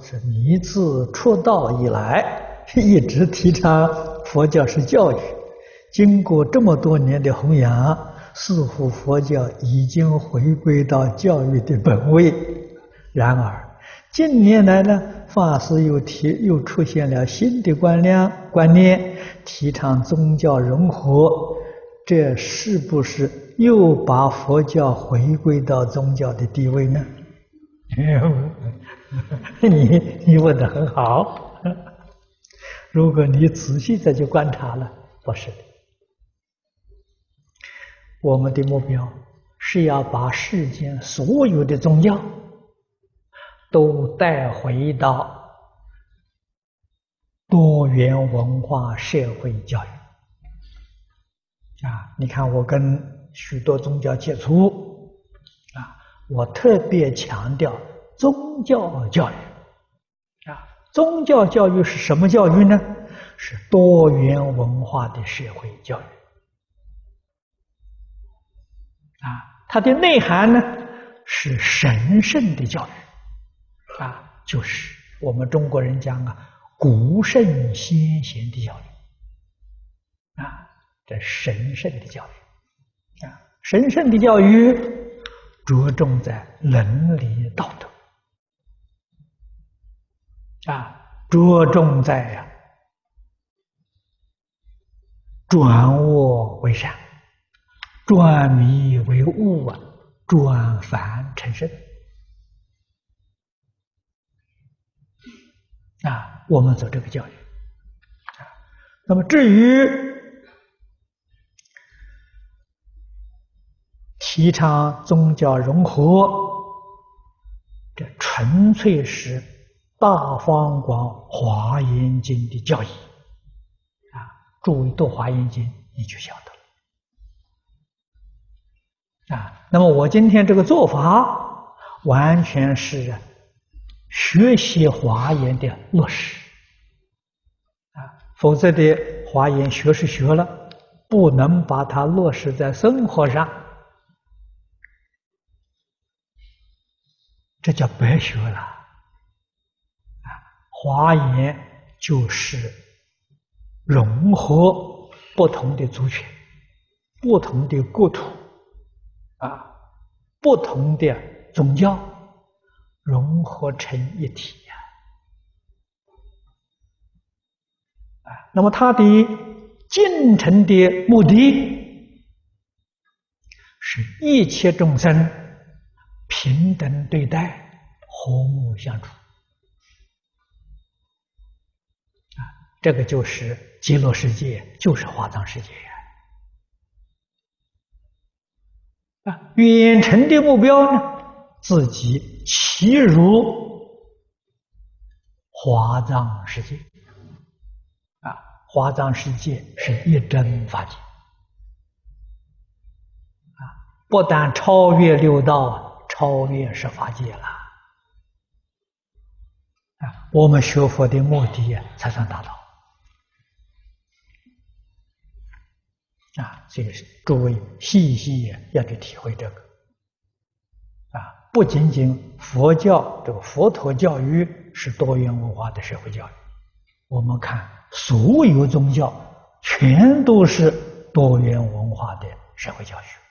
師，您自出道以來一直提倡佛教是教育，經過這麼多年的弘揚，似乎佛教已經回歸到教育的本位。然而近年來呢，法師又提又出現了新的觀念觀念，提倡宗教融合，這是不是又把佛教回歸到宗教的地位呢？哎呦，你你問得很好。如果你仔細再去觀察了，不是的。我們的目標是要把世間所有的宗教都帶回到多元文化社會教育。啊，你看，我跟許多宗教接觸。我特別強調宗教教育啊，宗教教育是什麼教育呢？是多元文化的社會教育啊，它的內涵呢，是神聖的教育啊，就是我們中國人講啊，古聖先賢的教育啊，這神聖的教育啊，神聖的教育。着重在倫理道德啊，着重在呀、啊，轉惡為善，轉迷為悟啊，轉凡成聖啊，我們做這個教育啊，那麼至於。提倡宗教融合，這純粹是《大方廣華嚴經》的教義啊！注意多《華嚴經》，你就曉得了啊！那麼我今天這個做法，完全是學習《華嚴》的落實啊！否則的《華嚴》學是學了，不能把它落實在生活上。這叫白學了啊！華嚴就是融合不同的族群、不同的國土啊、不同的宗教，融合成一體啊，那麼它的進程的目的，是一切眾生。平等對待，和睦相處啊，這個就是極樂世界，就是華藏世界呀。啊，遠程的目標呢，自己其如華藏世界啊，華藏世界是一真法界啊，不但超越六道啊。超越十法界了啊！我們學佛的目的呀，才算達到啊！這個是，諸位細細要去體會這個啊！不僅僅佛教這個佛陀教育是多元文化的社會教育，我們看所有宗教全都是多元文化的社會教育。